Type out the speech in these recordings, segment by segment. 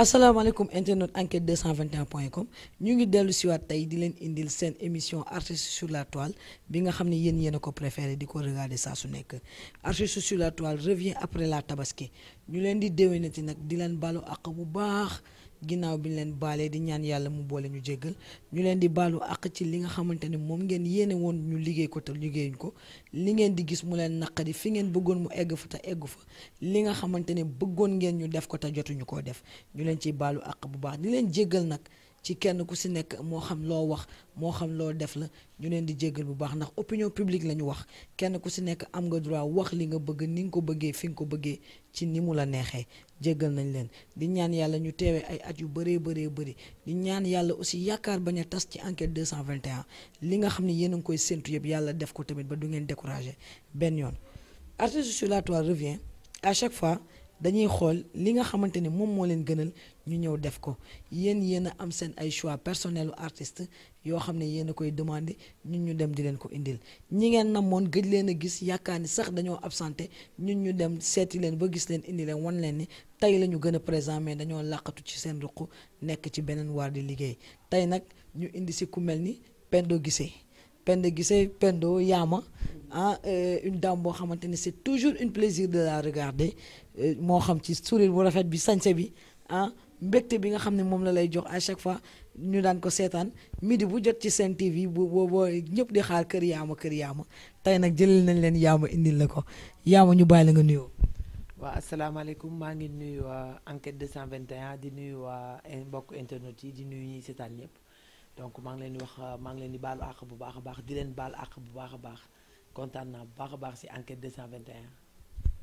asalaamaaleykum internet enquête 221 point com ñu ngi dellu siwaat tey di leen indil seen émission artiste sur la toile bi nga xam ne yéen yéen a ko préféré di ko regarder saa su nekk artiste sur la toile revient après la tabaski ñu leen di déwénati nag di leen balo àq bu baax ginnaaw bi ñu leen baalee di ñaan yàlla mu boole ñu jéggal ñu leen di baalu àq ci li nga xamante ni moom ngeen yéene woon ñu liggéey ko te liggéeyuñ ko li ngeen di gis mu leen naqari fi ngeen bëggoon mu egg fa te eggu fa li nga xamante ni bëggoon ngeen ñu def ko te jotuñu koo def ñu leen ci baalu àq bu baax ni leen jéggal nag ci kenn ku si nekk moo xam loo wax moo xam loo def la ñu leen di jéggal bu baax ndax opinion publique la ñu wax kenn ku si nekk am nga droit wax li nga bëgg ni nga ko bëggee fi nga ko bëggee ci ni mu la neexee jéggal nañ leen di ñaan yàlla ñu teewee ay at yu bëree bëree bëri di ñaan yàlla aussi yaakaar bañ a tas ci cent enquête 221 li nga xam ne yéen a ngi koy séntu yëpp yàlla def ko tamit ba du ngeen découragé benn yoon artiste sur la toile revient à chaque fois dañuy xool li nga xamante ni moom moo leen gënal ñu ñëw def ko yéen yéen a am seen ay choix personnel u artiste yoo xam ne yéen a koy demandé ñu ñu dem di leen ko indil ñi ngeen namoon gëj leen a gis yaakaar ni sax dañoo absenté ñun ñu dem seeti leen ba gis leen indi leen wan leen ni tey la ñu gën a présent dañoo làqatu ci seen ruq nekk ci beneen waar di liggéey tey nag ñu indi si ku mel ni Pendo Guissé Penda Guissé Pendo Yaama ah euh, une dame boo xamante ne c'est toujours un plaisir de la regarder euh, moo xam ci sourire bu rafet bi sañse bi ah mbégte bi nga xam ne moom la lay jox à chaque fois ñu daan ko seetaan midi bu jot ci seen TV bu booboo ñëpp di xaar kër yaama kër yaama tey nag jëlal nañ leen yaama indil la ko yaama ñu bàyyi la nga nuyoo. waaw asalaamaaleykum maa ngi nuyu waa euh, enquête 221 di nuyu waa mbokk internet yi di nuyu seetaan ñëpp. donc maa ngi leen di wax maa ngi leen di baalu àq bu baax a baax di leen baal àq bu baax a baax kontaan naa bu baax a baax ci enquête 221.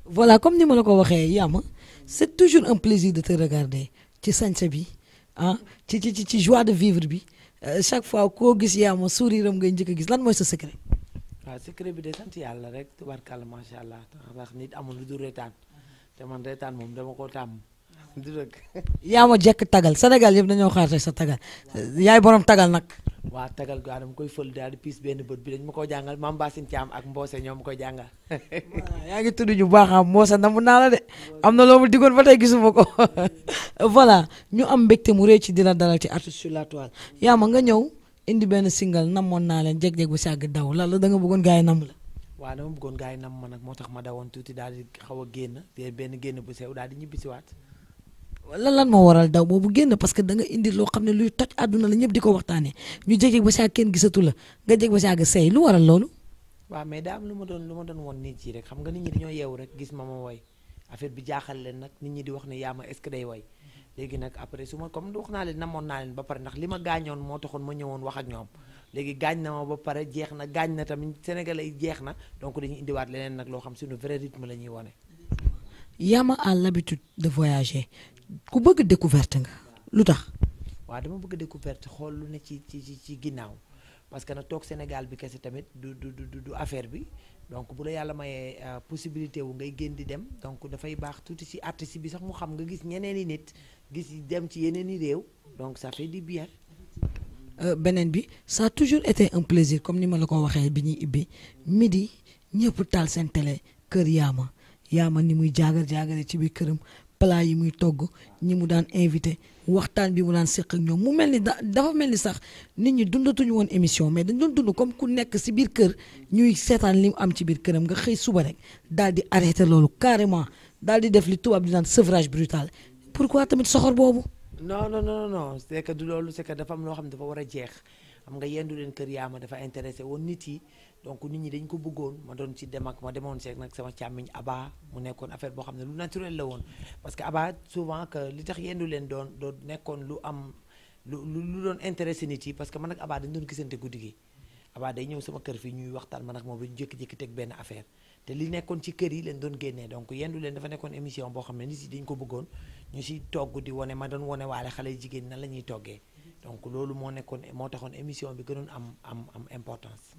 voilà comme ni ma la ko waxee Yama c'est toujours un plaisir de te regarder ci sañse bi ah ci ci ci joie de vivre bi euh, chaque fois koo gis Yama sourire am ngay njëkk gis lan mooy sa secret. waaw secret bi de sant yàlla rek tubarkalla macha allah ndax nit amul lu dul reetaan mhm. te man reetaan moom dama koo tàmm. yaa ma jekk tagal Sénégal yëpp dañoo xaar sa tagal yaay borom tagal nag. waa tagal gaa dama koy fël daal benn bët bi dañ ma koo jàngal maam Bassine Thiam ak Mbose ñoom ma koy jàngal. yaa ngi tudd ñu baax a Mbose namu naa am na loo mu diggoon ba tey gisuma ko voilà ñu am mbégte mu rëy ci dina dalal ci artiste sur la toile yaa ma nga ñëw indi benn single namoon naa leen jeg-jeg bu sàgg daw la la da nga bëggoon gars nam la. waaw dama bëggoon gars ma nag moo tax ma dawoon tuuti daal di xaw a génn benn génn bu sew daal di waat lan lan moo waral daw boobu génn parce que da nga indi loo xam ne luy toj àdduna la ñëpp di ko waxtaanee ñu jege ba saa kenn gisatu la nga jege ba saa ga sey lu waral loolu. waaw mais daa am lu ma doon lu ma doon woon nit yi rek xam nga nit ñi dañoo yeewu rek gis ma ma woy affaire bi jaaxal leen nag nit ñi di wax ne yaa ma est-ce que day woy léegi nag après su ma comme wax naa leen namoon naa leen ba pare ndax li ma gaañoon moo taxoon ma ñëwoon wax ak ñoom léegi gaañ na ma ba pare jeex na gaañ na tamit Sénégalais yi jeex na donc dañuy indiwaat leneen nag loo xam suñu vrai rythme la ñuy wone. Yama a l'habitude de voyager ku bëgg découverte nga lu tax. waaw dama bëgg découverte xool lu ne ci ci ci ginnaaw parce que nag toog Sénégal bi kese tamit du du du du affaire bi donc bu la yàlla mayee euh, possibilité wu ngay génn di dem donc dafay baax tuuti ci artiste bi sax mu xam nga gis ñeneen yi nit gis dem ci yeneen i réew donc ça fait du bien. Euh, beneen bi ça toujours été un plaisir comme ni ma la ko waxee bi ñuy ibbi midi ñëpp taal seen télé kër yaama yaama ni muy jaagar jaagare ci biir këram plat yi muy togg ñi mu daan invité waxtaan bi mu daan séq ñoom mu mel ni dafa mel ni sax nit ñi dundatuñu woon émission mais dañ doon dund comme ku nekk si biir kër ñuy seetaan li mu am ci biir këram nga xëy suba rek daal di arrêté loolu carrément daal di def li tubaab di naan sevrage brutal pourquoi tamit soxor boobu. non non non non c'est du loolu c'est dafa am loo xam ne dafa war a jeex xam nga yendu leen kër yaa ma dafa intéressé woon nit yi. donc nit ñi dañ ko bëggoon ma doon ci dem ak ma demoon seeg nag sama càmmiñ Aba mu nekkoon affaire boo xam ne lu naturel la woon parce que Aba souvent que li tax yendu leen doon doon nekkoon lu am lu lu doon intéressé nit yi parce que man ak abaa dañ doon gisante guddi gi Aba day ñëw sama kër fii ñuy waxtaan man ak moom dañu jékki-jékki teg benn affaire te li nekkoon ci kër yi leen doon génnee donc yendu leen dafa nekkoon émission boo xam ne nit yi dañ ko di wane ma doon wane waale xale jigéen nan la ñuy toggee donc loolu moo nekkoon moo taxoon émission bi gënoon am am am importance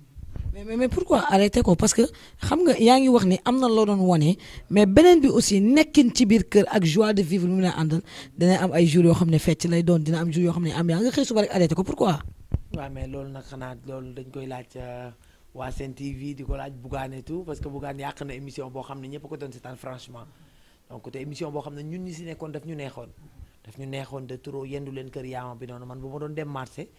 mais mais pourquoi arrêter ko parce que xam nga yaa ngi wax ni am na loo doon wane mais beneen bi aussi nekkin ci biir kër ak joie de vivre lu mu ne àndal dina am ay jour yoo xam ne fecc lay doon dina am jours yoo xam ne am yaa nga xëy suba rek arrêter ko pourquoi. mais loolu nag xanaa loolu dañ koy laaj euh, waa Sen TV di ko laaj Bougane tout parce que Bougane yàq na émission boo xam ne ñëpp ko doon seetaan franchement donc te émission boo xam ne ñun ñi si nekkoon daf ñu neexoon daf ñu neexoon de leen kër yaama bi noonu man doon dem marché.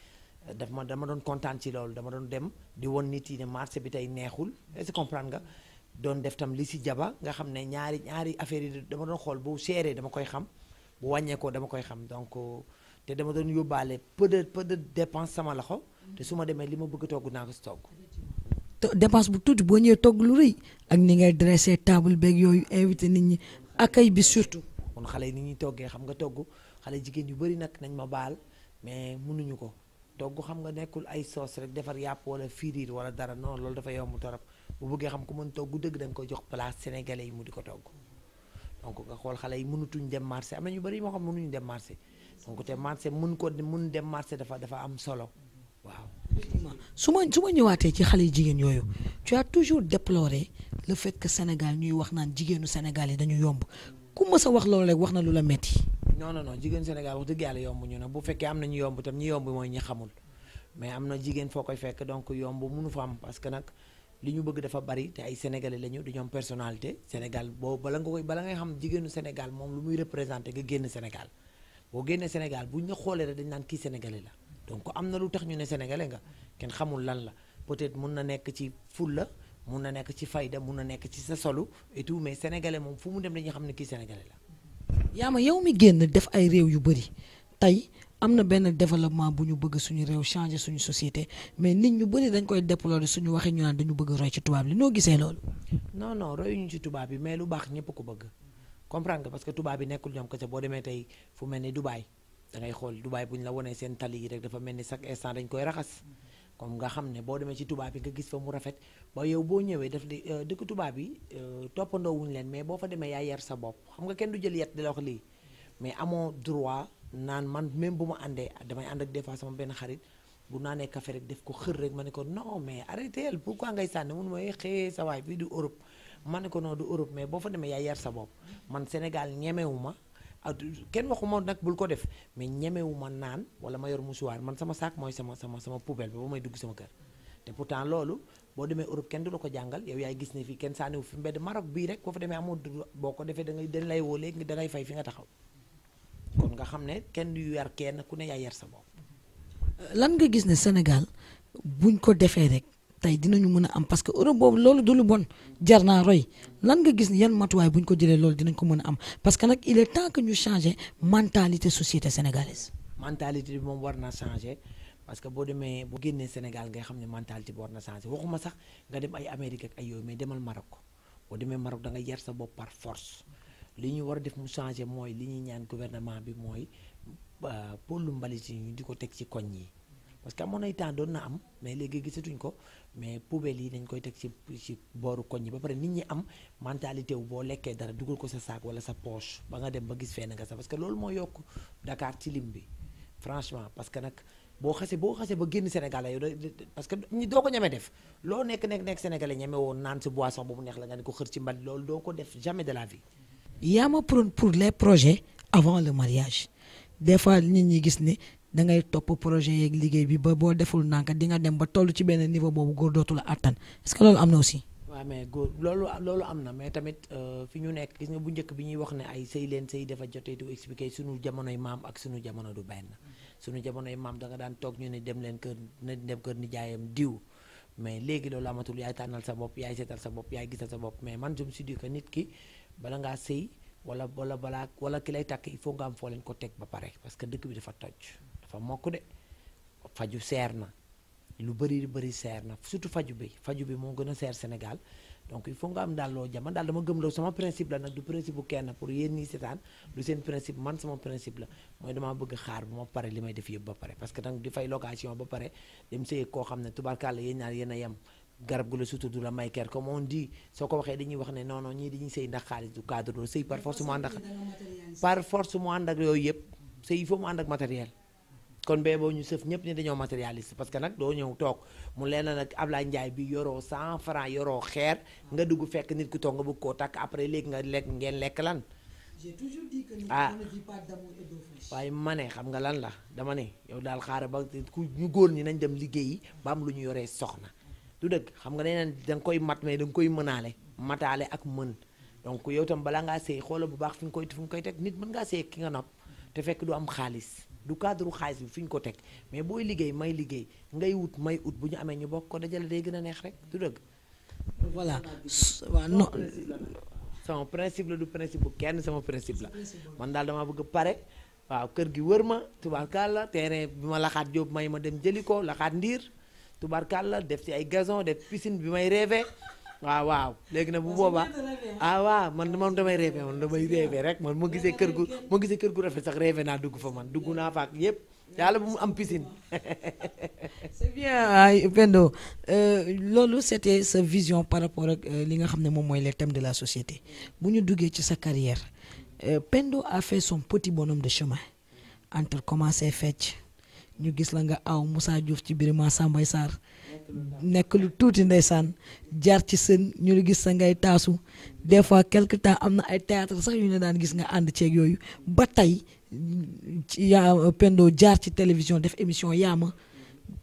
daf ma dama doon kontaan ci loolu dama doon dem di won nit yi ne marché bi tey neexul est-ce comprendre nga doon def tam li si jaba nga xam ne ñaari ñaari affaire yi dama doon xool bu seeree dama koy xam bu wàññeekoo dama koy xam donc te dama doon yóbbaale peu de dépense sama loxo te su ma demee li ma bëgg togg naa ko si togg dépense bu tuuti boo ñëwee togg lu rëy ak ni ngay dressé table beeg yooyu invité nit ñi accueil bi surtout kon xale yi ni ñuy toggee xam nga togg xale jigéen yu bëri nag nañ ma baal mais mënuñu ko togg xam nga nekkul ay soos rek defar yàpp wala firiir wala dara non loolu dafa yomb torop bu bëggee xam ku mën togg dëgg da nga koy jox place sénégalais yi mu di ko togg donc xool xale yi mënutuñ dem marché am na ñu bëri moo xam mënuñu dem marché donc te marché mun ko mun dem marché dafa dafa am solo waaw. su ma su ma ñëwaatee ci xale yi jigéen yooyu tu toujours déploré la fekk Sénégal ñuy wax naan jigéenu Sénégal yi dañu yomb ku mës wax loolu rek wax na lu la metti non non non jigéen Sénégal wax dëgg yàlla yomb ñu bu fekkee am na ñu yomb itam ñi yomb mooy ñi xamul mais am na jigéen foo koy fekk donc yomb munu fa am parce que nag li ñu bëgg dafa bari te ay sénégalais lañu du ñoom personalité Sénégal boo bala nga koy bala ngay xam jigéenu Sénégal moom lu muy représenté nga génn Sénégal boo génnee Sénégal buñ la xoolee rek dañ naan kii sénégale la donc am na lu tax ñu ne sénégale nga kenn xamul lan la peut-être mun na nekk ci la mun na nekk ci fayda mun na nekk ci sa solu et tout mais sénégalais moom fu mu dem xam ne kii sénégalais yaa ma yow mi génn def ay réew yu bëri tey am na benn développement bu ñu bëgg suñu réew changer suñu société mais nit ñu bëri dañ koy déplorer suñu waxi ñu naan dañu bëgg roy ci tubaab li noo gisee loolu. non non royuñu ci tubaab bi mais lu baax ñëpp ko bëgg comprendre nga parce que tubaab bi nekkul ñoom kese boo demee tey fu mel ni Dubaï da ngay xool Dubaï bu ñu la wonee seen tali yi rek dafa mel ni chaque instant dañ koy raxas. comme nga xam ne boo demee ci tubaab yi nga gis fa mu rafet ba yow boo ñëwee daf di euh, dëkk tubaab yi euh, toppandoo wuñu leen mais boo fa demee yaa yar sa bopp xam nga kenn du jël yet di la wax lii mais amoo droit naan man même bu ma àndee damay ànd ak des fois sama benn xarit bu naanee café rek def ko xër rek ma ne ko non mais arrêtéel pourquoi ngay sànni mun mooy eh, xëyee sa waay bii du Europe ma ne ko non du Europe mais boo fa demee yaa yar sa bopp man Sénégal ñemewu kenn waxuma nag bul ko def mais ñemewu ma naan wala ma yor musuwaar man sama saak mooy sama sama sama poubelle bi ba may dugg sama kër te pourtant loolu boo demee Europe kenn du la ko jàngal yow yaay gis ne fii kenn saaniwu fi mbedd Maroc bii rek boo fa demee amoo du boo ko defee da ngay dañ lay woo léegi da ngay fay fi nga taxaw kon nga xam ne kenn du yar kenn ku ne yaay yar sa bopp lan nga gis ne Sénégal buñ ko defee rek tey dinañu mën a am parce que Europe boobu loolu du lu bon jar naa roy lan nga gis ni yan matuwaay bu ñu ko jëlee loolu dinañ ko mën a am parce que nag il est temps que ñu changer mentalité société sénégalaise. mentalité bi moom war naa changer parce que boo demee bu génnee Sénégal ngay xam ne mentalité bi war na changer waxuma sax nga dem ay Amérique ak ay yooyu mais demal Maroc boo demee Maroc dangay nga yar sa bopp par force li ñu war def mu changer mooy li ñuy ñaan gouvernement bi mooy euh, pollu mbalit yi di ko teg ci koñ yi. parce que amoon ay temps doon na am mais léegi gisatuñ ko mais poubelle yi dañ koy teg ci ci booru koñ yi ba pare nit ñi am mentalité wu boo lekkee dara dugal ko sa saak wala sa poche ba nga dem ba gis fenn nga sax parce que loolu moo yokk Dakar ci lim bi franchement parce que nag boo xase boo xase ba génn sénégalais yow parce que ñi doo ko ñeme def loo nekk nekk nekk sénégalais ñeme woon naan si boisson bu mu neex la nga ne ko xër ci mbal loolu doo ko def jamais de la vie. yaa pour les projets avant le mariage gis ne da ngay topp projet yeeg liggéey bi ba boo deful nanka di nga dem ba toll ci benn niveau boobu góor dootula la àttan est loolu am na aussi. waaw mais góor loolu loolu am na mais tamit euh, fi ñu nekk gis nga bu njëkk bi ñuy wax ne ay sëy leen sëy dafa jotee di expliquer sunu jamonoy maam ak sunu jamono du benn sunu jamonoy maam danga daan toog ñu ne dem leen kër na dem kër nijaayam diw mais léegi loolu amatul yaay tànnal sa bopp yaay seetal sa bopp yaay gisal sa bopp mais man je me nit ki bala ngaa sëy wala wala balaa wala ki lay takk il faut nga am foo leen ko teg ba pare parce que dëkk bi dafa toj. dafa mokk de faju seer na lu bëri bari seer na surtout faju bi faju bi moo gën a seer Sénégal donc il faut nga am daal loo jama daal dama gëm la sama principe la nag du principe bu kenn pour yéen ñii seetaan du seen principe man sama principe mooy damaa bëgg xaar bu ma pare li may def yëpp ba pare parce que danga di fay location ba pare dem sëy koo xam ne tubaarkàlla yéen ñaar yéen a yem garab gu la sutur du la may ker comme on di soo ko waxee dañuy wax ne non non ñii dañuy sëy ndax xaalis du cadre loolu sëy par force mu ànd ak par force mu ànd ak yooyu yëpp sëy il faut mu matériel kon bee boo ñu sëf ñëpp ni dañoo matérialiste parce que nag doo ñëw toog mu leen na nag Ablaye njaay bi yoroo cent franc yoroo xeer nga dugg fekk nit ku toog nga bëgg koo takk après léegi nga lekk ngeen lekk lan. Ah. waaye ma ne xam nga lan la dama ne yow daal xaaral ba ku ñu góor ñi nañ dem liggéeyi ba lu ñu yoree soxna. du dëgg xam nga nee da nga koy mat mais da nga koy mënaale mataale ak mën donc yow tam balaa ngaa sëy xoolal bu baax fi nga koy fi nga koy teg nit mën ngaa sëy ki nga nopp te fekk du am xaalis. du cadre xaalis bi fi ñu ko teg mais booy liggéey may liggéey ngay wut may ut bu ñu amee ñu bokk ko dajale day gën a neex rek du dëgg. voilà waaw non. sama principe la du principe bu kenn sama principe la man daal damaa bëgg pare waaw kër gi wër ma tubaarkàlla terrain bi ma laxaat jóob may ma dem jëli ko laxaat ndiir tubaarkàlla def ci ay gazon def piscine bi may rêvé. waaw ah, waaw léegi nag bu boobaa ah waaw man man damay rêvé man damay rêvé rek man moo gisee kër gu moo gisee kër gu rafet sax rêvé naa dugg fa man dugg naa fa ak yëpp yàlla bu mu am piscine. c'est bien Pendo euh, loolu c'était sa vision par rapport ak euh, li nga xam ne moom de la société bu ñu duggee ci sa carrière euh, Pendo a fait son petit bonhomme de chemin entre commencer fecc ñu gis la nga aw Moussa Diouf ci Birima Sambay Sarr nekk lu tuuti ndeysaan jaar ci seen ñu ne gis sa ngay taasu des fois quelque temps am na ay théâtre sax yu ne daan gis nga ànd ceeg yooyu ba tey yaa pendoo jaar ci télévision def émission yaama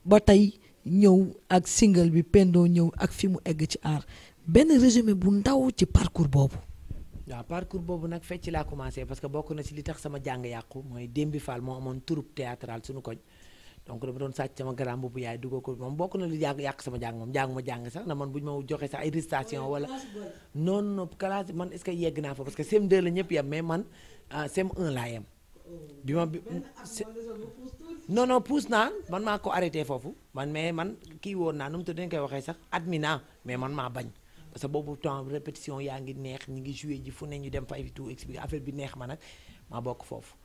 ba tey ñëw ak single bi pendoo ñëw ak fi mu egg ci aar benn résumé bu ndaw ci parcours boobu. waaw parcours boobu nag fecc laa commencé parce que bokk na ci li tax sama jàng yàqu mooy démbi Fall moo amoon troupe théâtrale suñu koñ. donc dama doon sàcc sama garam bu yaay dugal ko moom bokk na lu yàgg yàq sama jàng moom jàng ma jàng sax na man bu ñu ma joxe sax ay récitation wala non non classe man est-ce que yegg naa fa parce que CM2 la ñëpp yem man ah, oh. bi ma bi ah, non non naa man maa ko arrêté foofu man mais man kii woon naa nu mu tudd dañ koy waxee sax admis naa mais man maa bañ parce que boobu temps répétition yaa ngi neex ñi ngi joué ji fu ne ñu dem fay tout expliqué affaire bi neex ma nag maa bokk foofu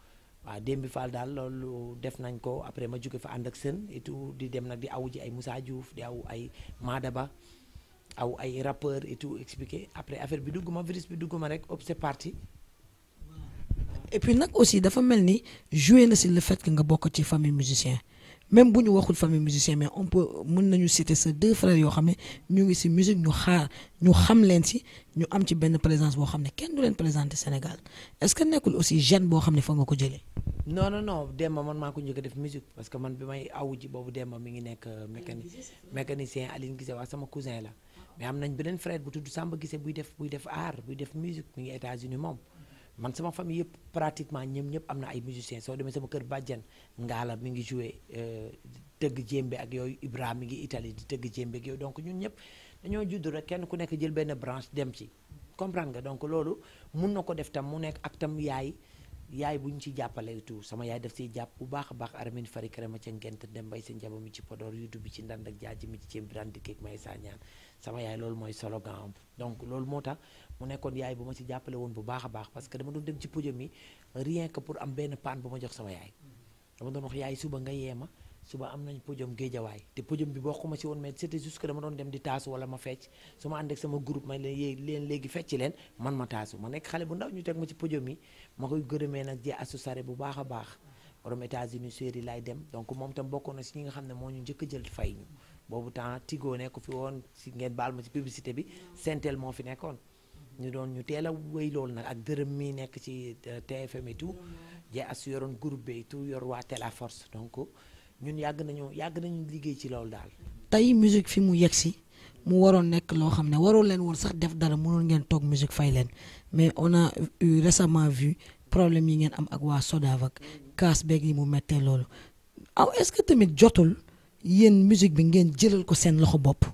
waa démb faal daal loolu def nañ ko après ma jóge fa ànd ak sën et di dem nag di aw ji ay Moussa Diouf di aw ay Madaba aw ay rappeur et tout expliqué après affaire bi dugg ma virus bi dugg ma rek hop c'est parti. et puis nag aussi dafa mel ni joué na si le fait que nga bokk ci famille musicien. même bu ñu waxul famille musicien mais on peut mën nañu citer ces deux frères yoo xam ne ñu ngi ci musique ñu xaar ñu xam leen ci ñu am ci benn présence boo xam ne kenn du leen présenter Sénégal est-ce que nekkul aussi jeune boo xam ne fa nga ko jëlee. non non non Demba man maa ko njëkk def musique parce que man bi may awu ji boobu Demba mi ngi nekk euh, mécanicien mécanicien Aline Guissé waa sama cousin la mais am nañ beneen frère bu tudd Samba gise buy def buy def art buy def musique mi ngi états man sama famille yëpp pratiquement ñoom ñëpp am na ay musiciens soo demee sama kër bàjjan ngaala mi ngi joué euh, tëgg jéembe ak yooyu ibraham mi ngi Italie di tëgg jéembe ak yooyu donc ñun ñëpp dañoo judd rek kenn ku nekk jël benn branche dem ci comprendre nga donc loolu mun na ko def tam mu nekk ak tam yaay yaay bu ñu ci jàppale tout sama yaay daf siy jàpp bu baax a baax aramin fari karama ca ngent dem bay sa njaba mi ci Podor bi ci ndand ak jaaji mi ci ceeb bi daan dikkeeg may saa ñaan sama yaay loolu mooy solo am donc loolu moo tax mu nekkoon yaay bu ma ci jàppale woon bu baax a baax parce dama doon dem ci podium yi rien que pour am benn paan bu ma jox sama yaay dama doon wax yaay suba nga yeema suba am nañ podium géejawaay te podium bi bokkuma ci woon mais c'était juste que dama doon dem di taasu wala ma fecc su ma ànd ak sama groupe ma leen leen léegi fecc leen man ma taasu ma nekk xale bu ndaw ñu teg ma ci podium yi ma koy gërëmee nag jee asu bu baax a baax borom a ñu doon ñu teel a wéy loolu nag ak dërëm mi nekk ci euh, TFM et tout jee as yoroon groupe bi tout yor waa Télé Force donc ñun yàgg nañu yàgg nañu liggéey ci loolu daal. tey musique fi mu yegg si mu waroon nekk loo xam ne waroon leen woon sax def dara mënoon ngeen toog musique fay leen mais on a eu récemment problème yi ngeen am ak waa Sodav kaas beeg yi mu mettee loolu aw est-ce que tamit jotul yéen musique bi ngeen jëlal ko seen loxo bopp.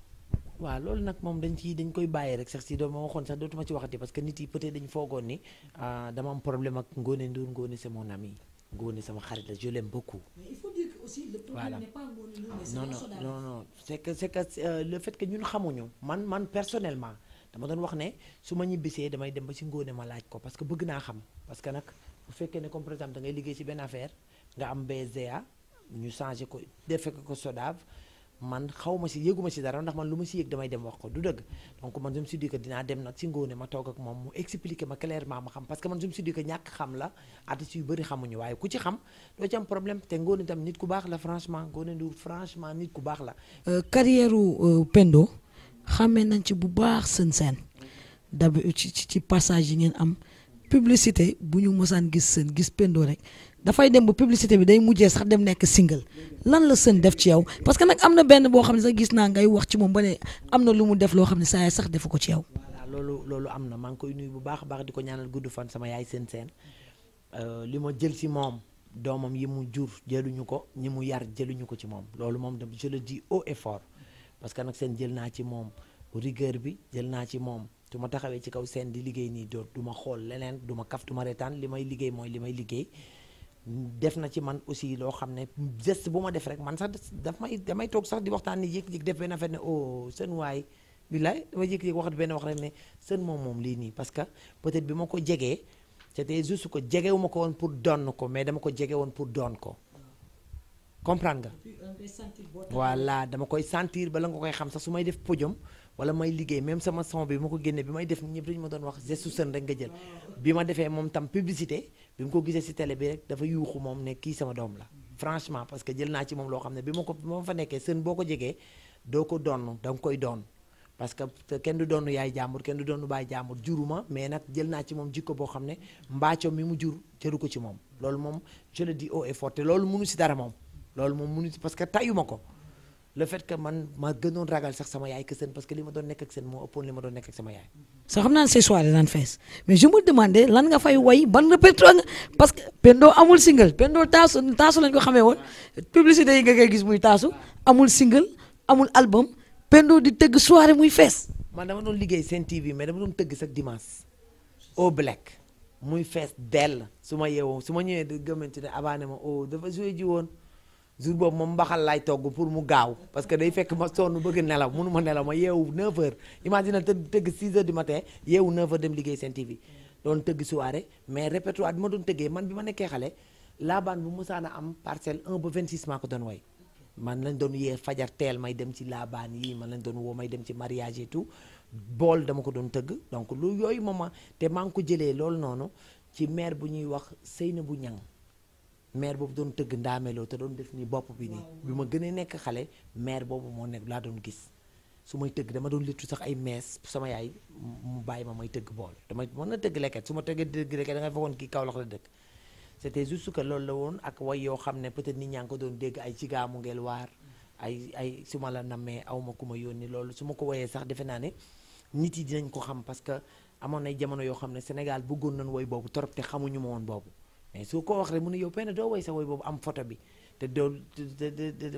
waaw loolu nag moom dañ ci dañ koy bàyyi rek sax si doo ma waxoon sax dootuma ci waxati parce que nit yi peut-être dañ foogoon ni ah, dama am problème ak Ngone Ndour Ngone c'est mon ami Ngone sama xarit la je ko beaucoup. mais il faut dire que aussi ñun xamuñu man man personnellement dama doon wax ne su ma ñibbisee damay dem ba si Ngone ma laaj ko parce que bëgg naa xam parce que nag bu fekkee ne comme par exemple da ngay liggéey si benn affaire nga am BSDA ñu changé ko defee ko SODAV. man xaw si yëguma si dara ndax man lu ma si yëg damay dem wax ko du dëgg donc man je me suis dit dem nag si Ngoné ma toog ak moom mu expliquer ma clairement ma xam parce que man je me suis dit que ñàkk xam la artistes yu bëri xamuñu waaye ku ci xam doo ci am problème te Ngoné tam nit ku baax la franchement Ngoné Ndour franchement nit ku baax la. Euh, carrière euh, Pendo xamee nañ ci bu baax seen seen dab ci ci passage yi ngeen am publicité bu ñu mosaan gis seen gis Pendo rek. dafay dem ba publicité bi day mujjee sax dem nekk single lan la seen def ci yow parce que nag am na benn boo xam ne sax gis naa ngay wax ci moom ba ne am na lu mu def loo xam ne saa sax defu ko ci yow. voilà loolu am na maa ngi koy nuyu bu baax a baax di ko ñaanal gudd fan sama yaay seen seen euh, li ma jël ci moom doomam yi mu jur jëluñu ko ñi mu yar jëluñu ko ci moom loolu moom je le dis haut et fort parce que nag seen jël naa ci moom rigueur bi jël naa ci moom. su ma taxawee ci kaw seen di liggéey nii doo du ma xool leneen du ma kaf du ma li may liggéey mooy li may liggéey def na ci man aussi loo xam ne geste bu ma def rek man sax daf may damay toog sax di waxtaan ni jékki-jékki def benn affaire ne oh seen waay billaay dama jékki-jékki wax benn wax rek ne seen moom moom lii nii parce que peut-être bi ma ko jegee c'était juste que jegewu ma ko woon pour donn ko mais dama ko jege woon pour doon ko comprendre nga voilà dama koy sentir bala nga koy xam sax su may def podium wala may liggéey même sama son bi ma ko génne bi may def ñëpp dañu ma doon wax gestu seen rek nga jël ah, bi ma defee moom tam publicité bi mu ko gisee si télé bi rek dafa yuuxu moom ne kii sama doom la franchement parce que jël naa ci moom loo xam ne bi ma ko bi ma fa nekkee seen boo ko jegee doo ko doon danga koy doon parce que kenn du doonu yaay jàmbur kenn du doonu baay jàmbur juruma mais nag jël naa ci moom jikko boo xam ne mbaaco mi mu jur jëru ko ci moom loolu moom je le dis haut et fort te loolu munu si dara moom loolu moom munu si parce que tayu ko le fait que man ma gënoon ragal sax sama yaay que seen parce que li ma doon nekk ak seen moo ëppoon li ma doon nekk ak sama yaay. soo xam naa ne ces daan fees mais je me lan nga fay way ban répertoire parce que Pendo amul single Pendo taasu taasu lañ ko xamee woon publicité yi nga koy gis muy taasu amul single amul album Pendo di tëgg soirée muy fees. man dama doon liggéey seen TV mais dama doon tëgg sax dimanche au black muy fees dell su ma yeewoo su ma ñëwee di gëmante ne abaane ma oh, dafa joué ji woon. jour boobu moom mbaxal laay togg pour mu gaaw parce que day fekk ma sonn bëgg nelaw mënu ma nelaw ma yeewu 9h imagine tëgg tëgg 6h du matin yeewu 9h dem liggéey seen TV doon tëgg soirée mais répertoire bi ma doon tëggee man bi ma nekkee xale laabaan bu mosaan a am parcelle 1 ba 26 maa ko doon way man lañ doon yee fajar teel may dem ci laabaan yii man lañ doon woo may dem ci mariage et tout bool dama ko doon tëgg donc lu yooyu mooma te maa ko jëlee loolu noonu ci maire bu ñuy wax Seynabou Niang maire boobu doon tëgg ndaameloo te doon def nii bopp bi nii bi ma gënee nekk xale maire boobu moo nekk laa doon gis su may tëgg dama doon littu sax ay mees sama yaay mu bàyyi ma may tëgg bool dama mën na tëgg lekket su ma tëggee tëgg lekket da ngay fekkoon kii Kaolack la dëkk c'était juste que loolu la woon ak way yoo xam ne peut-être nit ñaa ngi ko doon dégg ay cigaamu ngeel waar ay ay su ma la nammee aw ma ku ma yónni loolu su ma ko woyee sax defe naa ne nit yi dinañ ko xam parce que amoon nay jamono yoo xam ne Sénégal bëggoon nañ woy boobu torop xamuñu ma woon boobu mais su ko wax rek mu ne yow penn doo woy sa woy boobu am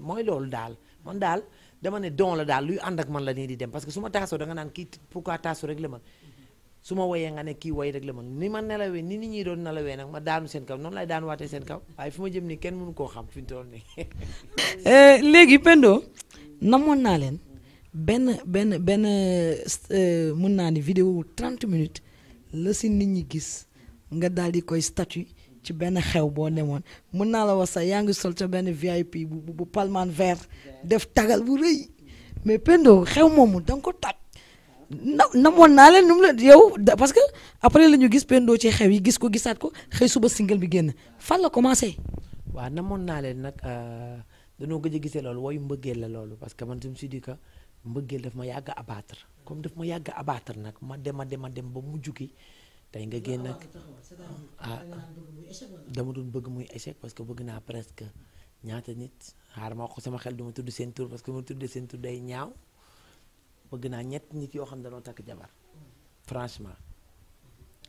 mooy loolu daal man daal dama ne don la daal luy ànd ak man la nii di dem parce que su ma taasoo da nga ma woyee nga ne kii woy rek la man ni ma nelawee ni nit doon nelawee nag ma daanu seen kaw noonu lay daan waatee seen kaw waaye fi ma jëm nii kenn mënu koo xam fi eh, léegi Pendo namoon naa leen benn benn benn eh, mun naa ni vidéo trent minutes la si nit ñi gis nga daal di koy statut ci benn xew boo demoon mën naa la wax sax yaa ngi sol ca benn VIP bu bu palman vert def tagal bu rëy mais Pendo xew moomu mu nga ko tàj na namoon naa leen nu mu la yow parce que après la ñu gis pendoo ci xew yi gis ko gisaat ko xëy suba single bi génn fan la commencé. waaw namoon naa leen nag euh, dañoo gëj a gisee loolu woyu mbëggeel la loolu parce que man je me suis dit que mbëggeel daf ma yàgg abattre comme daf ma yàgg abattre nag ma dem a dem a dem ba mu gi tey nga génn nag ah, ah, ah dama doon bëgg muy échec parce que bëgg naa presque ñaata nit xaar ma wax ko sama xel du tudd seen tur parce que ma tudd seen tur day ñaaw bëgg naa ñett nit yoo xam danoo takk jabar franchement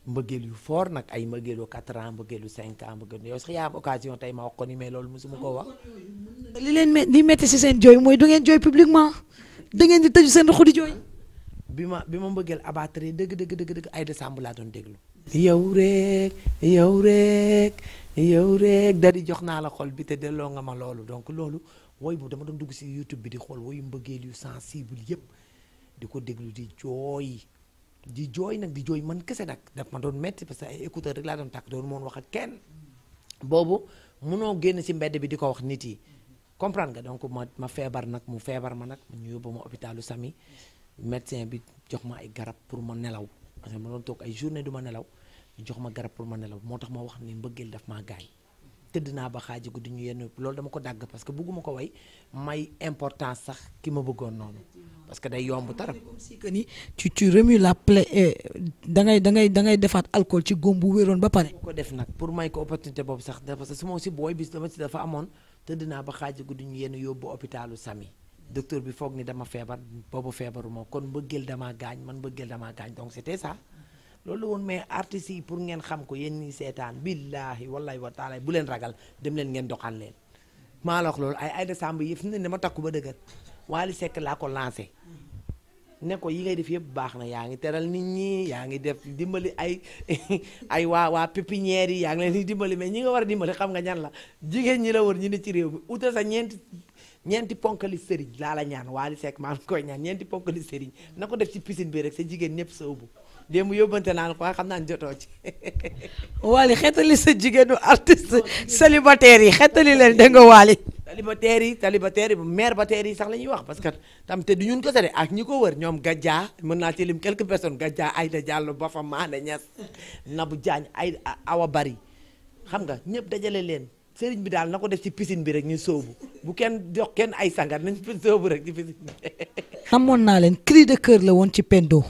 mbëggeel yu foor nag ay mbëggeelu 4 ans mbëggeelu 5 ans mbëggeelu yow sax yaa am occasion tey ma wax ko ni mais loolu mosuma koo wax. li leen li metti ci seen jooy mooy du jooy publiquement da ngeen di tëj seen xuddi jooy. bi ma bi ma mbëggeel abattre dëgg dëgg dëgg dëgg ay décembre laa doon déglu. yow rek yow rek yow rek da jox naa la xol bi te delloo nga ma loolu donc loolu woy bu dama doon dugg si YouTube bi di xool woyu mbëggeel yu sensible yëpp di ko déglu di jooy di jooy nag di jooy man kese nag daf ma doon metti parce que ay écouteur rek laa doon tàkk doon moon wax ak kenn boobu munoo génn si mbedd bi di ko wax nit yi comprendre nga donc ma ma feebar nag mu feebar ma nag médecin bi jox ma ay garab pour ma nelaw parce que ma doon toog ay journée du ma nelaw ñu jox ma garab pour ma nelaw moo tax ma wax ni mbëggeel daf maa gaañ tëdd ba xaaji guddi ñu yenn loolu dama ko dàgg parce que bëgguma ko way may importance sax ki ma bëggoon noonu parce que day yomb tarap si que ni tu tu la plaie eh, da ngay da ngay da ngay defaat alcool ci góom bu wéroon ba pare ko def nag pour may ko opportunité boobu sax parce que su ma aussi dama si dafa amoon tëdd naa ba xaaji guddi ñu yenn yóbbu hôpitalu Sami docteur bi foog ni dama feebar boobu feebaru ma kon mbëggeel damaa gaañ man mbëggeel damaa gaañ donc c'était ça loolu la woon mais artistes yi pour ngeen xam ko yéen ñi seetaan billaahi wallahi wa taala bu leen ragal dem leen ngeen doxal leen maa la wax loolu ay ay décembre yi fi ne dama takku ba dëgër Wally Seck laa ko lancé ne yi ngay def yëpp baax na yaa ngi teral nit ñi yaa ngi def dimbali ay ay waa waa pépinière yi yaa ngi leen di dimbali mais ñi nga a dimbali xam ñeenti ponkali sëriñ laa la ñaan Wally Seck maa ngi koy ñaan ñeenti ponkali sëriñ na ko def ci piscine bi rek sa jigéen ñëpp sa ubbu démb yóbbante naa la ko xam naa ne jotoo ci. Wally xetali sa jigéenu artiste célibataire yi xetali leen dégg nga Wally. célibataire yi célibataire yi mère bataire yi sax la ñuy wax parce que tam te du ñun ko sa de ak ñi ko wër ñoom Gadja mën naa ci lim quelques personnes Gadja Aïda Diallo Bafa Maane Niass Nabou Diagne Aïda Awa Bari xam nga ñëpp dajale leen. sëriñ bi daal na ko def ci piscine bi rek ñu soobu bu kenn jox kenn ay sangar nañ sóobu rek ci piscine bi. namoon naa leen cri de cœur la woon ci Pendo.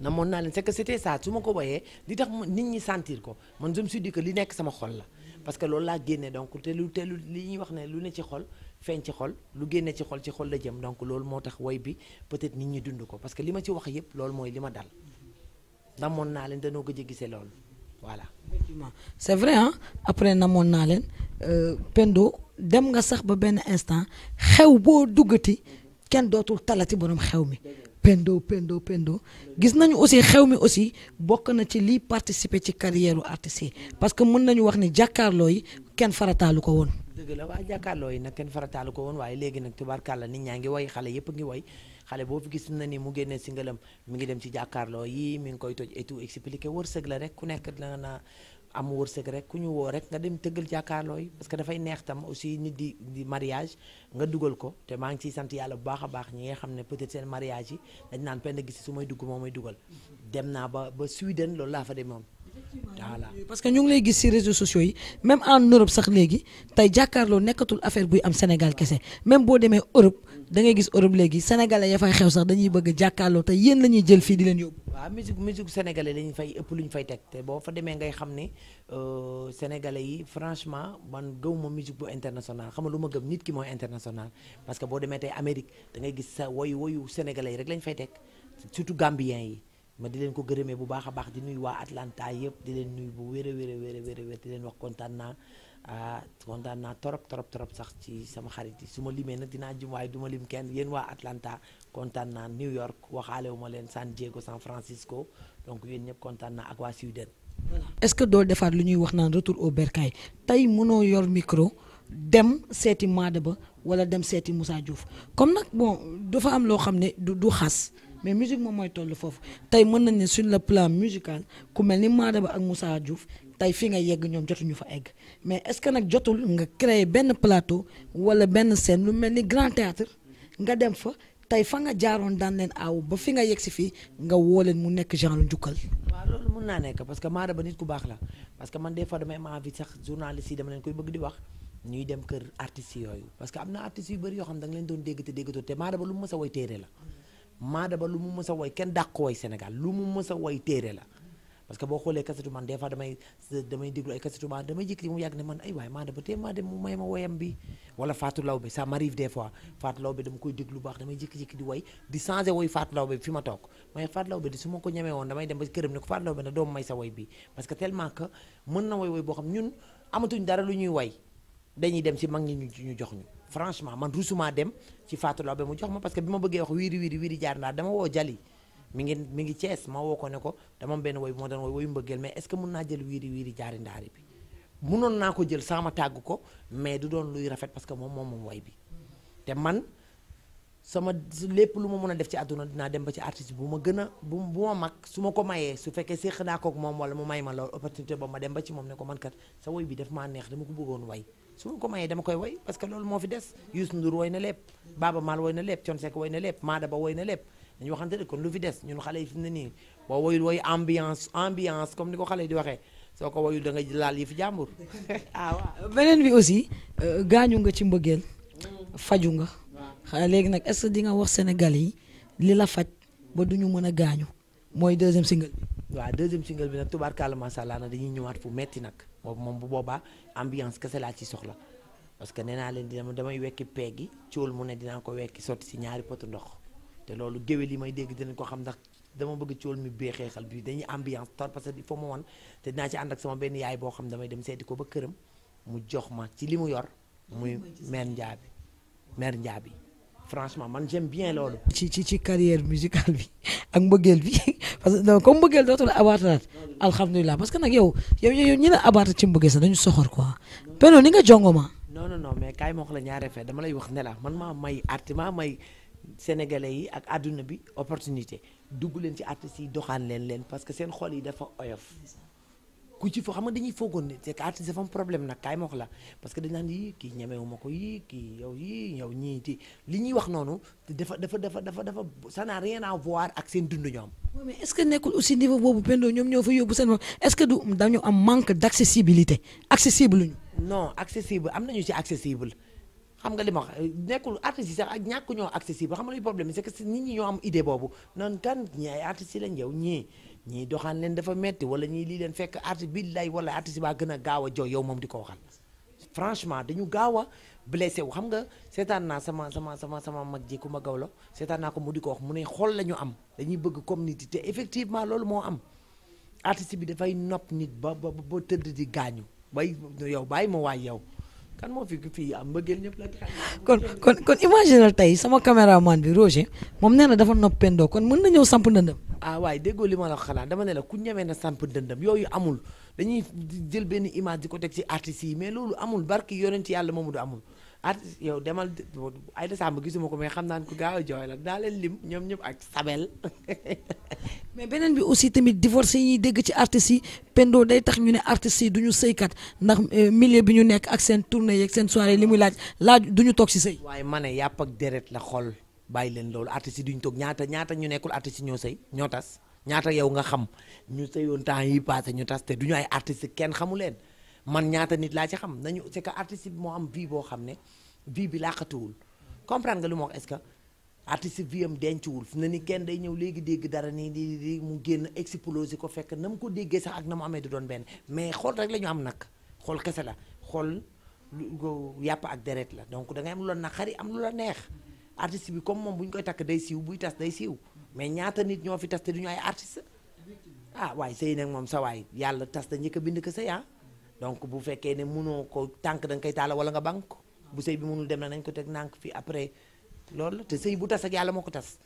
na moon naa leen c'est que c'était su ma ko woyee li tax nit ñi sentir ko man je me suis li nekk sama xol la parce que loolu laa génne donc te lu te lu li ñuy wax ne lu ne ci xol feeñ ci xol lu génne ci xol ci xol la jëm donc loolu moo tax woy bi peut-être nit ñi dund ko parce que li ma ci wax yépp loolu mooy li ma dal namoon naa leen danoo gëj a gisee loolu. voilà effectivement c'est vrai ah après moon naa leen euh, Pendo dem nga sax ba benn instant xew boo duggati kenn dootul talati borom xew mi Pendo Pendo Pendo gis nañu aussi xew mi aussi bokk na ci liy participer ci carrière artiste yi parce que mën nañu wax ni jàkkaarloo yi kenn farataalu ko woon dëgg la waa jàkkaarloo yi nag kenn farataalu ko woon waaye léegi nag tubaarkàlla nit ñaa ngi woy xale yëpp ngi woy xale boo fi gis na ni mu génnee singalam mi ngi dem ci jàkkaarloo yi la rek ku nekk dana ñu woo rek nga dem tëggal jàkkaarloo yi parce que dafay neex tam aussi nit di di mariage nga dugal ko te maa ngi ciy sant yàlla bu baax a baax ñi nga xam ne peut-être seen mariage yi dañ naan penn gis su may dugg moo may dugal dem naa ba ba Sweden loolu laa fa dem moom voilà parce que ñu ngi lay gis ci réseau sociaux yi même en Europe sax léegi tey jàkkaarloo nekkatul affaire buy am Sénégal kese même boo demee Europe dangay gis Europe léegi sénégalais ya fay xew sax dañuy bëgg jàkkaarloo te yéen la ñuy jël fii di leen yóbbu. waaw musique musique sénégalais lañ fay ëpp lu ñu fay teg te boo demee ngay xam ne euh, sénégalais yi franchement man gëwuma musique bu international xam nga lu ma gëm nit ki mooy international parce que boo demee tey Amérique dangay gis sa woyu woyu sénégalais yi rek lañ fay teg surtout Gambien yi. ma di leen ko gërëmee bu baax a baax di nuyu waa Atlanta yëpp di leen nuyu bu wér a wér a wér a wér di leen wax kontaan naa ah kontaan trop trop trop sax ci sama xarit yi su ma limee nag dinaa jum waaye du ma lim kenn yéen waa Atlanta kontaan naa New York waxaale wu ma leen San Diego San Francisco donc yéen ñëpp kontaan naa ak waa Suède. est-ce que doo defaat lu ñuy wax naan retour au bercail tey mënoo yor micro dem seeti Maada ba wala dem seeti Moussa Diouf comme nag bon dafa am loo xam ne du du xas. mais musique moom mooy toll foofu tey mën nañ ne sur le plan musical ku mel ni Madaba ak Moussa Diouf tey fi nga yegg ñoom jotuñu fa egg mais est-ce que nag jotul nga créer benn plateau wala benn scène lu mel ni grand théâtre nga dem fa tey fa nga jaaroon daan leen aaw ba fi nga yegg si fii nga woo leen mu nekk genre njukkal. waaw loolu mun naa nekk parce que Madaba nit ku baax la parce que man des fois damay ma envie sax journaliste yi dama leen koy bëgg di wax. ñuy dem kër artistes yooyu parce que am na artistes yu bëri yoo xam da nga leen doon dégg la Maada ba lu mu mës a woy kenn dàq ko woy Sénégal lu mu mës a woy téere la parce que boo xoolee kasetu man des fois damay damay déglu ay kasetu man damay jékki mu yàgg ne man ay waay Maada ba fois Fatou Lawbe dama koy déglu baax damay jékki-jékki di woy di changé woy Fatou Lawbe fi ma toog mais Fatou Lawbe di su ma ko ñemee woon damay dem ba këram ne ko Fatou Lawbe na doom may sa woy bi parce que tellement mën na woy woy boo xam ñun amatuñ dara lu ñuy woy dañuy dem si mag ñi ñu ñu jox ñu franchement man rusuma dem ci Fatou Laobé mu jox ma parce que bi ma bëggee wax wiiri wiiri wiiri jaar ndaar dama woo Jali mi ngi mi ngi Thiès ma woo ko ne ko dama benn woy bu ma doon woy woyu mbëggeel mais est-ce que mun naa jël wiiri wiiri jaari ndaari bi munoon naa ko jël sama tàgg ko mais du doon luy rafet parce que moom moom moom woy bi te man sama lépp lu ma mun a def ci adduna dinaa dem ba ci artiste bu ma gën a bu bu ma mag su ma ko mayee su fekkee séq naa kook moom wala mu may ma loolu opportunité ba ma dem ba ci moom ne ko man kat sa woy bi daf maa neex dama ko bëggoon way su ma ko mayee dama koy woy parce que loolu moo fi des Youssou Ndour woy na lépp Baaba Maal woy na lépp Thione Seck na lépp Maada Ba woy na lépp dañu waxante ne kon lu fi des ñun xale yi fi ne nii boo woyul woy ambiance ambiance comme ni ko xale yi di waxee soo ko woyul da nga laal yi fi jàmbur ah beneen bi aussi euh, gaañu nga ci mbëggeel faju nga léegi nag est-ce di nga wax Sénégal yi li la faj ba du ñu mën a gaañu mooy deuxième single bi waa deuxième single bi nag tubaarkàlla macha allah dañuy ñëwaat fu metti nag boobu moom bu boobaa ambiance kese laa ci soxla parce que nee naa leen dina damay wekki pee gi ciwul mu ne dina ko wekki sotti si ñaari potu ndox te loolu géwél yi may dégg dinañ ko xam ndax dama bëgg ciwul mi bee xeexal bi dañuy ambiance tor parce que il faut ma wan te dinaa ci ànd ak sama benn yaay boo xam damay dem seeti ko ba këram mu jox ma ci li mu yor muy mère njaabi mère bi franchement man j'aime bien loolu. ci ci ci carrière musicale bi ak mbëggeel bi parce que donc comme mbëggeel dootul abaatalaat alhamdulilah parce que nag yow yow yow ñi la abaata ci mbëggeel sax dañu soxor quoi. Peno ni nga jongo ma. non non non mais kaay ma wax la ñaare fee dama lay wax ne la man maa may arti maa may sénégalais yi ak àdduna bi opportunité dugg leen ci artistes si doxaan leen leen parce que seen xol yi dafa oyof. ku ci foo xam nga dañuy foogoon ne c'est que artiste dafa am problème nag kaay ma wax la parce que dañ naan yii kii ñemewu ma ko yii kii yow yii yow ñii ti li ñuy wax noonu dafa dafa dafa dafa dafa ça n'a rien voir ak seen dund ñoom. oui mais est-ce que nekkul aussi niveau boobu Pendo ñoom ñoo fa yóbbu seen bopp est-ce que du dañu am manque d'accessibilité accessible ñu. non nañu ci accessible. xam nga li ma wax nekkul artistes ñàkk ñoo accessible xam nga luy problème ñoo am idée boobu noonu kan ñi ay artistes yi lañ yow ñii doxaan leen dafa metti wala ñii lii leen fekk bi lay wala artiste baa gën a gaaw a jooy yow moom di ko waxal franchement dañu gaaw a blessé wu xam nga seetaan naa sama sama sama sama mag ji ku ma gaw seetaan naa ko mu di ko wax mu ne xool la ñu am dañuy bëgg comme nit te effectivement loolu moo am artisi bi dafay nopp nit ba ba ba tëdd di gaañu bay yow bàyyi ma waay yow kan moo fi fii am mbëggeel ñëpp la. kon kon kon imaginer tey sama caméraman bi Roger moom nee na dafa nopp Pendo kon mën na ñëw samp ndëndëm. ah waaye déggoo li ma la xalaat dama ne la ku ñemee na samp ndëndëm yooyu amul dañuy jël benn image di ko teg ci artistes yi mais loolu amul barki yonent yàlla moomu du amul. artiste yow demal Aïda Samb gisuma ko mais xam naan ko gaaw a jooy la daa lim ñoom ñëpp ak Sabel. mais beneen bi aussi tamit divorce yi dégg ci artistes yi Pendo day tax ñu ne artistes yi du ñu sëykat ndax euh, milieu bi ñu nekk ak seen tournée yeeg seen yi li muy laaj laaj du ñu toog si sëy. waaye ma ne yàpp ak deret la xol bàyyi leen loolu artistes yi duñu toog ñaata ñaata ñu nekkul artistes yi ñoo sëy ñoo tas ñaata yow nga xam ñu sëyoon temps yi passé ñu tas te du ñu ay artistes kenn xamu leen. man ñaata nit laa ci xam nañu c'est que artiste bi moo am vie boo xam ne vie bi laqatuwul comprendre nga lu ma wax est-ce que artiste vie am dencuwul fi na ni kenn day ñëw léegi dégg dara nii di di mu génn explosé ko fekk na mu ko déggee sax ak na mu amee du doon benn mais xool rek la ñu am nag xool kese la xool yàpp ak deret la donc da ngay am lu la naqari am lu la neex artiste bi comme moom bu ñu koy takk day siiw buy tas day siiw mais ñaata nit ñoo fi tas te du ay artiste ah waaye sëy nag moom sa waaye yàlla tas da njëkk a bind ko sëy ah. donc bu fekkee ne munoo ko tànk da nga koy taalal wala nga bank ko bu sëy bi munul dem na nañ ko teg nànk fii après loolu la te sëy bu tas ak yàlla moo ko tas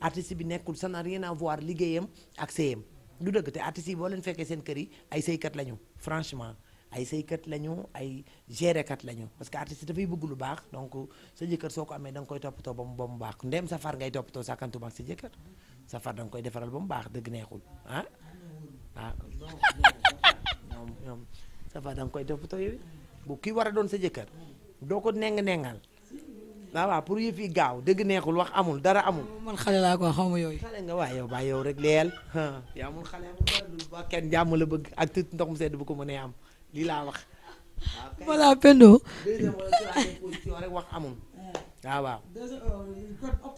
artiste bi nekkul sa n'a rien à voir liggéeyam ak sëyam du dëgg te artistes yi boo leen fekkee seen kër yi ay sëykat lañu franchement ay sëykat lañu ay gérekat lañu parce que artiste dafay bëgg lu baax donc sa jëkkër soo ko amee da koy toppatoo ba mu ba mu baax ndem sa far ngay toppatoo sàkkantuma ak sa jëkkër far da nga koy defaral ba mu baax dëgg neexul ah safa da koy def bu yow bu kii war a doon sa jëkkër doo ko neng-nengal waaw pour yëf yi gaaw dëgg neexul wax amul dara amul. man xale laa ko xaw ma yooyu. nga waaye yow baa yow rek leel. yaa amul kenn jàmm la bëgg ak tuuti ndox sedd bu ko mënee am lii laa wax. voilà Pendo. deuxième wax amul. Euh, waaw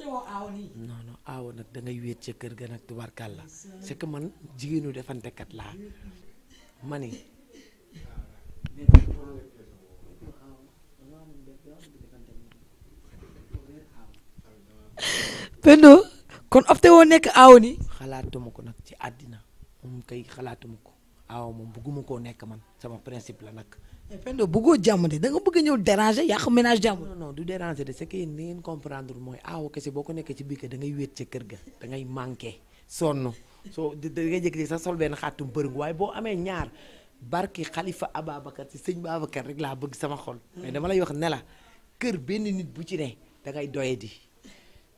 waaw. non non nag da ngay wéet kër ga nag tubarkàlla c'est que man jigéenu defantekat laa ma Pendo kon ofte woo nekk aaw ni xalaatuma ko nag ci àddina moom kay xalaatuma ko aaw moom bëgguma koo nekk man sama principe la nag. Pendo bëggoo jàmm de da nga ñëw déranger yàq ménage jàmm. non non du déranger de c'est que yéen ngeen comprendre mooy aaw kese boo ko nekkee ci biir kër da ngay wéet ca kër ga dangay ngay manqué sonn soo da ngay jékki sa sax sol benn xaatum bërëng waaye boo amee ñaar. barki xalifa Ababacar si sëñ Babacar rek laa bëgg sama xol. mais dama lay wax ne kër benn nit bu ci ne da ngay doye di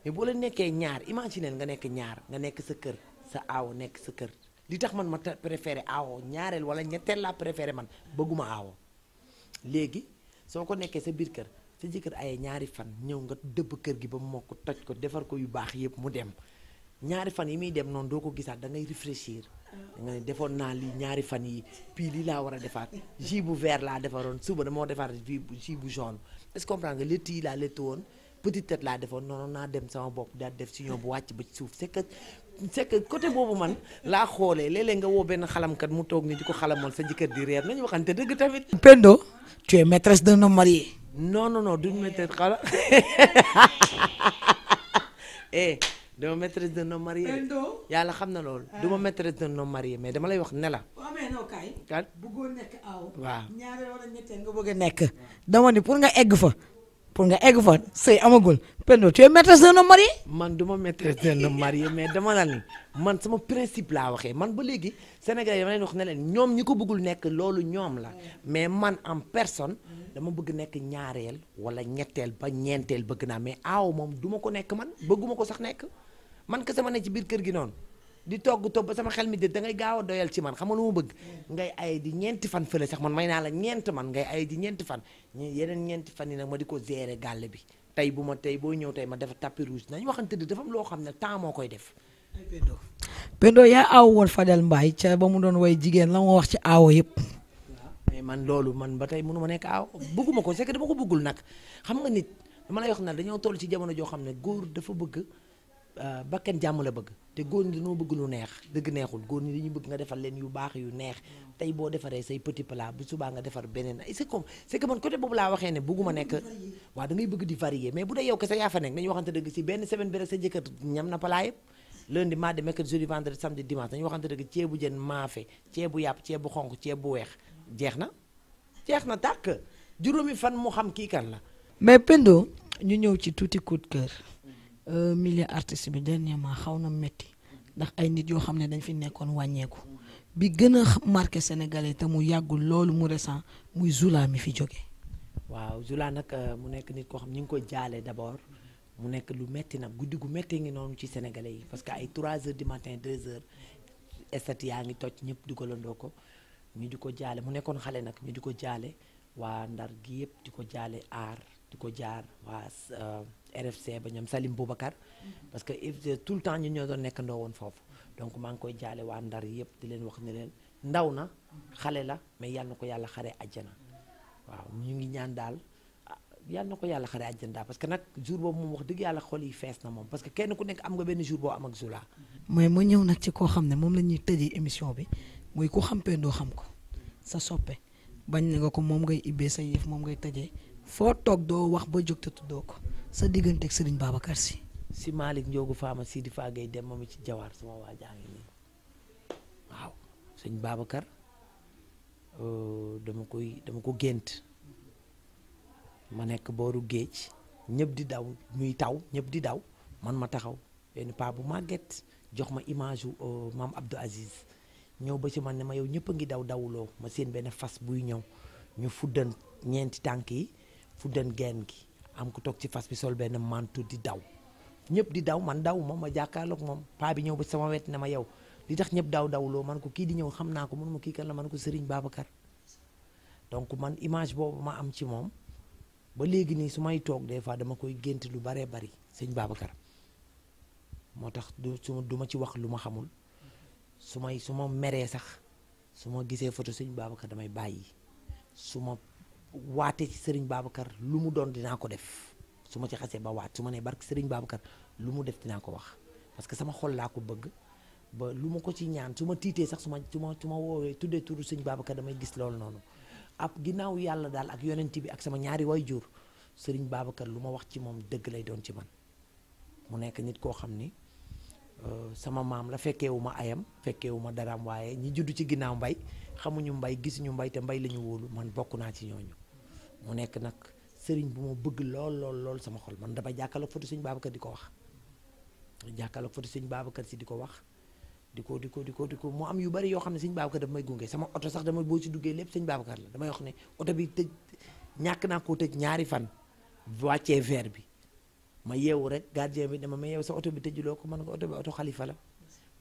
mais boo la nekkee ñaar imagine nga nekk ñaar nga nekk sa kër sa aawo nekk sa kër li tax man ma préféré aawo ñaareel wala ñetteel laa préféré man bëgguma aawo léegi soo ko nekkee sa biir kër sa jëkkër ay ñaari fan ñëw nga dëbb kër gi ba mokk toj ko defar ko yu baax yëpp mu dem ñaari fan yi muy dem noonu doo ko gisaat da ngay réfléchir nga ne defoon naa lii ñaari fan yi puis lii laa war a defaat jus bu vert laa defaroon suba dama moo defaat jus bu jaune est-ce que comprendre nga létt yi laa létt woon petite tête laa defoon noonu naa dem sama bopp daal def si ñoom bu wàcc ba ci suuf c'est que c'est que boobu man laa xoolee léeg nga woo benn xalamkat mu toog ni di ko xalamoon sa jëkkër di reer nañu waxante dëgg tamit. Pendo tu maitres maîtresse d'un homme marié. non non non duñ maîtresse xala eh. dama de d'un homme marié. yàlla xam na loolu. Ah. du ma maîtresse d'un homme mais dama lay wax ne la. waaw oh, waaw ñaareel wala ñetteel bëgg a nekk. dama ni pour nga egg fa. pour nga egg fa sëy amagul Pendo tu es man du ma maîtresse d'un homme mais dama la man sama principe laa waxee man ba léegi Sénégalais dama leen wax ne leen ñoom ñi ko bëggul nekk loolu ñoom la mais man am personne dama bëgg nekk ñaareel wala ñetteel ba ñeenteel bëgg naa mais aaw moom du ma ko nekk man bëgguma ko sax nekk. man ka sama nekk ci biir kër gi noonu di togg togg ba sama xel mi de da ngay gaaw a doyal ci man xam nga lu bëgg ngay ay di ñeenti fan fële sax man may naa la ñeent man ngay ay ñeenti fan yeneen ñeenti fan yi nag ma di ko gérer gàlle bi tey bu ma tey boo ñëw tey ma def tapis rouge waxante di dafa loo xam ne temps moo koy def Pendo yaa aaw woon Fadel Mbaye ca ba mu doon way jigéen la ma wax ci aawo yëpp mais man loolu man ba tey mënu ma nekk aaw bëgguma ko c'est que dama ko bëggul nag xam nga nit dama lay wax na dañoo toll ci jamono joo xam ne góor dafa bëgg Euh, bakkan jàmm la bëgg te góor ñi dañoo bëgg lu neex dëgg neexul góor ñi dañu bëgg nga defal leen yu baax yu neex tey boo defaree say petit plat bu subaa nga defar beneen c'est comme c'est que man côté boobu laa waxee ne bëgguma nekk waaw da bëgg di varier mais bu dee yow kese yaa fa nekk nañu waxante dëgg si benn semaine bi sa jëkkër ñam na palaa yëpp lundi mardi mercredi jeudi vendredi samedi dimanche dañu waxante dëgg ceebu jën maafe ceebu yàpp ceebu xonq ceebu weex jeex na jeex na tàkk juróomi fan mu xam kii kan la mais Pendo ñu ñëw ci tuuti coup de cœur Euh, milieu artiste bi deniement xaw na métti ndax ay nit yoo xam ne dañ fi nekkoon wàññeeku bi gën a marqué sénégalais te mu yàggul loolu mu récent muy Zula mi fi jóge waaw Zula nag euh, mu nekk nit koo xam ñu ngi ko jaale d'abord mu nekk lu metti nag guddi gu métti ngi noonu ci sénégalais yi parce que ay 3 heures du matin 2 heures estat yaa ngi toj ñëpp dugalandoo ko ñu di ko jaale mu nekkoon xale nag ñu di ko jaale waa Ndar gi yëpp di ko jaale aar di ko jaar waa euh, RFC ba ñoom Salim Boubacar mm-hmm. parce que tout le temps ñu ñoo doon nekk ndoo woon foofu donc maa ngi koy jaale waa Ndar yëpp di leen wax ne leen ndaw na xale la mais yal ko yàlla xare àjjana waaw ñu ngi ñaan daal ah, yal na ko yàlla xare àjjana daal parce que nag jour boobu moom wax dëgg yàlla xol yi fees na moom parce que kenn ku nekk am nga benn jour boo am ak Zula. Mm-hmm. mais ma ñëw nag ci koo xam ne moom la ñuy tëjee émission bi muy ku xampee doo xam ko sa soppe bañ na nga ko moom ngay ibbee sa yëf moom ngay tëjee foo toog doo wax ba jóg te tuddoo ko sa diggante ak Serigne Babacar si si Malick Ndiogu faama si di faa gay dem moom ci jawaar sama waa jaa ngi nii waaw sëñ Babacar euh, dama koy dama ko gént ma nekk booru géej ñëpp di daw muy taw ñëpp di daw man ma taxaw benn paa bu màgget jox ma image yu euh, maam Abdou Aziz ñëw ba ci man ne ma yow ñëpp a ngi daw dawuloo ma seen benn fas buy ñëw ñu fuddan ñeenti tànk yi fuddan gen gi am ko toog ci fas bi sol benn mantu di daw ñëpp di daw man daw ma ma jàkkaarloog moom paa bi ñëw ba sama wet ne ma yow li tax ñëpp daw dawloo man ko kii di ñëw xam naa ko man ma kii kan la man ko Serigne Babacar donc man image boobu ma am ci moom ba léegi nii su may toog des fois dama koy gént lu baree bari sëñ Babacar moo tax du du ma ci wax lu ma xamul su may su ma meree sax su ma gisee photo sëñ Babacar damay bàyyi su ma waate ci sëriñ Babacar lu mu doon dinaa ko def su ma ci xasee ba waat su ma nee bark sëriñ Babacar lu mu dinaa ko wax parce que sama xol laa ko bëgg ba lu ma ko ci ñaan su ma tiitee sax su ma su ma woowee tuddee turu sëñ Babacar damay gis loolu noonu ab ginnaaw yàlla daal ak yonent bi ak sama ñaari jur sëriñ Babacar lu ma wax ci moom dëgg lay doon ci man mu nekk nit koo xam ni euh, sama maam la fekkeewu ma ayam fekkeewu ma daraam waaye ñi juddu ci ginnaaw mbay xamuñu mbay gisuñu mbay te mbay la ñu wóolu man bokk naa ci ñooñu mu nekk nag sëriñ bu ma bëgg lool lool lool sama xol man dama jàkkaarloog foto sëñ Babacar di ko wax jàkkaarloog foto sëñ Babacar si di ko wax di ko di ko di ko di ko mu am yu bari yoo xam ne sëñ Babacar daf may gunge sama oto sax dama boo si duggee lépp sëñ Babacar la damay wax ne oto bi tëj ñàkk naa koo tëj ñaari fan wàccee verre bi ma yeewu rek gardien bi dama ma yeewu sa oto bi tëjuloo ko man nga oto bi oto xalifa la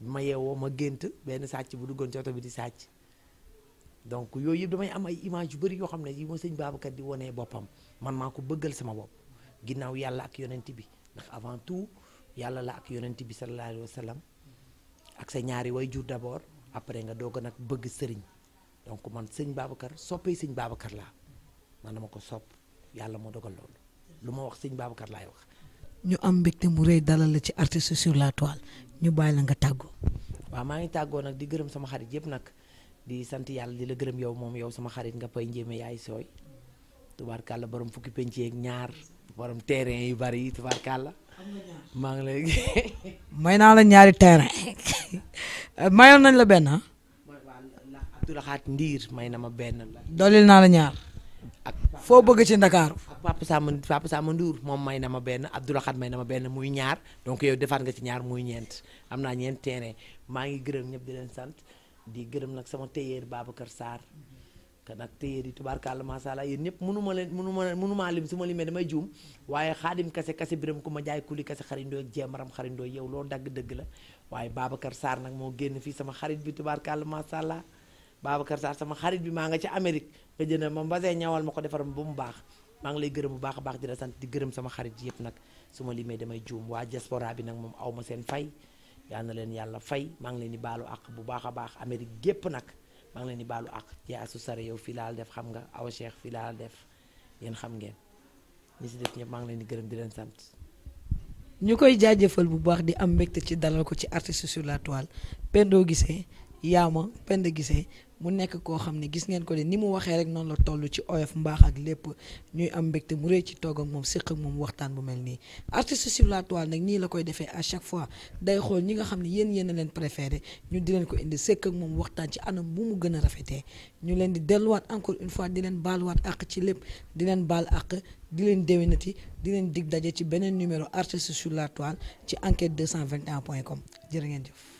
ma yeewoo ma gént benn sàcc bu duggoon ci bi di sàcc donc yooyu yëpp damay am ay image yu bëri yoo xam ne yi ma sëñ Babacar di wanee boppam man maa ko bëggal sama bopp ginnaaw yàlla ak yonent bi ndax avant tout yàlla la ak yonent bi sallallahu alayhi wa sallam ak sa ñaari way jur d'abord après nga doog nag bëgg sëriñ donc man sëñ Babacar soppee sëñ Babacar laa man dama ko sopp yàlla moo dogal loolu lu ma wax sëñ Babacar laay wax ñu am mbégte mu rëy dalal la ci artiste sur la toile ñu bàyyi la nga tàggoo waaw maa ngi tàggoo nag di gërëm sama xarit yëpp nag di sant yàlla di la gërëm yow moom yow sama xarit nga pay njéeme yaay sooy tubaarkàlla borom fukki penc ak ñaar borom terrain yu bari tubaarkàlla maa ngi lay may naa la ñaari terrain mayoon la benn ah Ndiir may na ma benn la dolil naa la ñaar ak foo bëgg ci Ndakaaru ak Papa Samba Papa moom may na ma benn Abdoulahat may na ma benn muy ñaar donc yow defaat nga ci ñaar muy ñeent am naa ñeent terrain maa ngi gërëm ñëpp di leen sant di gërëm nag sama téyeer Babacar saar te nag téyeer yi tubaarkàlla macha allah yéen ñëpp mënu ma leen mënu leen mënumaa lim su ma limee damay juum waaye xaadim kase kase biram ku ma jaay kuli kase xarindoo ak jeemaram xarindoo yow loolu dagg dëgg la waaye Babacar Sarr nag moo génn fii sama bi tubaar macha allah Babacar Sarr sama xarit bi maa nga ci Amérique nga jënd ma mbasee ñawal ma ko defar ba mu baax maa ngi lay gërëm bu baax a baax di la sant di gërëm sama xarit yëpp nag su ma limee damay juum waa diaspora bi nag moom aw ma seen fay yal na leen yàlla fay maa ngi leen di baalu àq bu baax a baax Amérique gépp nag maa ngi leen di baalu àq asu sare yow fii laal def xam nga aw Cheikh fii laal def yéen xam ngeen ñi si des ñëpp maa ngi leen di gërëm di leen sant. ñu koy jaajëfal bu baax di am mbégte ci dalal ko ci artiste sur la toile Pendo Guissé Yaama Penda Guissé mu nekk koo xam ne gis ngeen ko de ni mu waxee rek noonu la tollu ci oyof mbaax ak lépp ñuy am mbégte mu rëy ci toog moom séq moom waxtaan bu mel nii artiste sur la toile nag nii la koy defee à chaque fois day xool ñi nga xam ne yéen yéen a leen préféré ñu di leen ko indi séq moom waxtaan ci anam bu mu gën a rafetee ñu leen di delluwaat encore une fois di leen baaluwaat àq ci lépp di leen baal àq di leen déwénati di leen dig daje ci beneen numéro artiste sur la toile ci enquête 221 point com jërë ngeen jëf